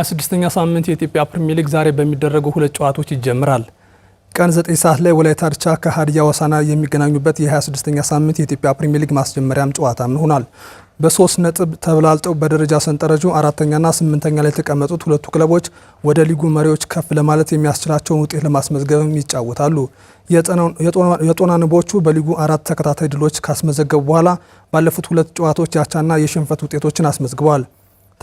26ኛ ሳምንት የኢትዮጵያ ፕሪሚየር ሊግ ዛሬ በሚደረጉ ሁለት ጨዋታዎች ይጀምራል። ቀን 9 ሰዓት ላይ ወላይታ ድቻ ከሀዲያ ወሳና የሚገናኙበት የ26ኛ ሳምንት የኢትዮጵያ ፕሪሚየር ሊግ ማስጀመሪያም ጨዋታም ሆኗል። በሶስት ነጥብ ተበላልጠው በደረጃ ሰንጠረዡ አራተኛና ስምንተኛ ላይ የተቀመጡት ሁለቱ ክለቦች ወደ ሊጉ መሪዎች ከፍ ለማለት የሚያስችላቸውን ውጤት ለማስመዝገብም ይጫወታሉ። የጦና ንቦቹ በሊጉ አራት ተከታታይ ድሎች ካስመዘገቡ በኋላ ባለፉት ሁለት ጨዋታዎች ያቻና የሽንፈት ውጤቶችን አስመዝግበዋል።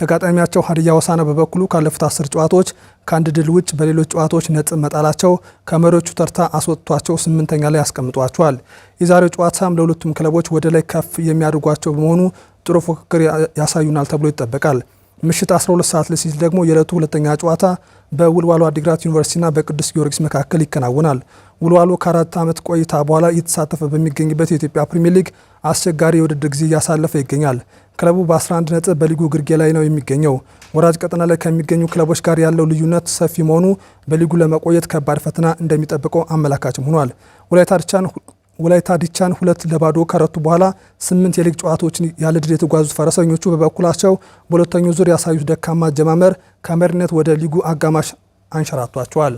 ተጋጣሚያቸው ሀዲያ ሆሳዕና በበኩሉ ካለፉት አስር ጨዋታዎች ከአንድ ድል ውጭ በሌሎች ጨዋታዎች ነጥብ መጣላቸው ከመሪዎቹ ተርታ አስወጥቷቸው ስምንተኛ ላይ ያስቀምጧቸዋል። የዛሬው ጨዋታም ለሁለቱም ክለቦች ወደ ላይ ከፍ የሚያደርጓቸው በመሆኑ ጥሩ ፉክክር ያሳዩናል ተብሎ ይጠበቃል። ምሽት 12 ሰዓት ላይ ሲል ደግሞ የዕለቱ ሁለተኛ ጨዋታ በውልዋሎ አዲግራት ዩኒቨርሲቲና በቅዱስ ጊዮርጊስ መካከል ይከናወናል። ውልዋሎ ከአራት ዓመት ቆይታ በኋላ እየተሳተፈ በሚገኝበት የኢትዮጵያ ፕሪምየር ሊግ አስቸጋሪ የውድድር ጊዜ እያሳለፈ ይገኛል። ክለቡ በ11 ነጥብ በሊጉ ግርጌ ላይ ነው የሚገኘው። ወራጅ ቀጠና ላይ ከሚገኙ ክለቦች ጋር ያለው ልዩነት ሰፊ መሆኑ በሊጉ ለመቆየት ከባድ ፈተና እንደሚጠብቀው አመላካችም ሆኗል። ወላይታ ድቻን ወላይታ ዲቻን ሁለት ለባዶ ከረቱ በኋላ ስምንት የሊግ ጨዋታዎችን ያለ ድል የተጓዙት ፈረሰኞቹ በበኩላቸው በሁለተኛው ዙር ያሳዩት ደካማ አጀማመር ከመሪነት ወደ ሊጉ አጋማሽ አንሸራቷቸዋል።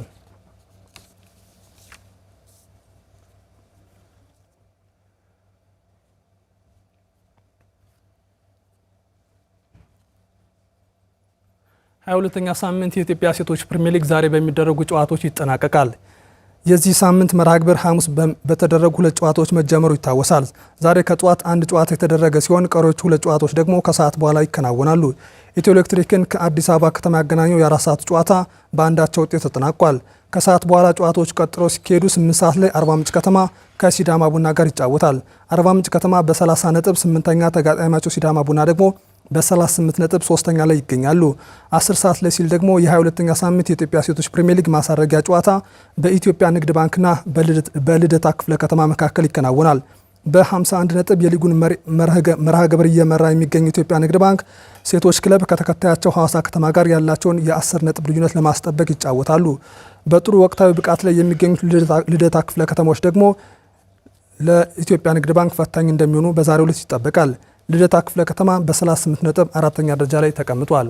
ሀያ ሁለተኛ ሳምንት የኢትዮጵያ ሴቶች ፕሪሚየር ሊግ ዛሬ በሚደረጉ ጨዋታዎች ይጠናቀቃል። የዚህ ሳምንት መርሃ ግብር ሐሙስ በተደረጉ ሁለት ጨዋታዎች መጀመሩ ይታወሳል። ዛሬ ከጠዋት አንድ ጨዋታ የተደረገ ሲሆን ቀሪዎቹ ሁለት ጨዋታዎች ደግሞ ከሰዓት በኋላ ይከናወናሉ። ኢትዮ ኤሌክትሪክን ከአዲስ አበባ ከተማ ያገናኘው የአራት ሰዓት ጨዋታ በአንዳቸው ውጤት ተጠናቋል። ከሰዓት በኋላ ጨዋታዎች ቀጥሎ ሲካሄዱ ስምንት ሰዓት ላይ አርባ ምንጭ ከተማ ከሲዳማ ቡና ጋር ይጫወታል። አርባ ምንጭ ከተማ በ30 ነጥብ ስምንተኛ ተጋጣሚያቸው ሲዳማ ቡና ደግሞ በ38 ነጥብ ሶስተኛ ላይ ይገኛሉ። 10 ሰዓት ላይ ሲል ደግሞ የ22ኛ ሳምንት የኢትዮጵያ ሴቶች ፕሪሚየር ሊግ ማሳረጊያ ጨዋታ በኢትዮጵያ ንግድ ባንክና በልደታ ክፍለ ከተማ መካከል ይከናወናል። በ51 ነጥብ የሊጉን መርሃ ግብር እየመራ የሚገኘው ኢትዮጵያ ንግድ ባንክ ሴቶች ክለብ ከተከታያቸው ሐዋሳ ከተማ ጋር ያላቸውን የ10 ነጥብ ልዩነት ለማስጠበቅ ይጫወታሉ። በጥሩ ወቅታዊ ብቃት ላይ የሚገኙት ልደታ ክፍለ ከተሞች ደግሞ ለኢትዮጵያ ንግድ ባንክ ፈታኝ እንደሚሆኑ በዛሬው ዕለት ይጠበቃል። ልደታ ክፍለ ከተማ በ38 ነጥብ አራተኛ ደረጃ ላይ ተቀምጧል።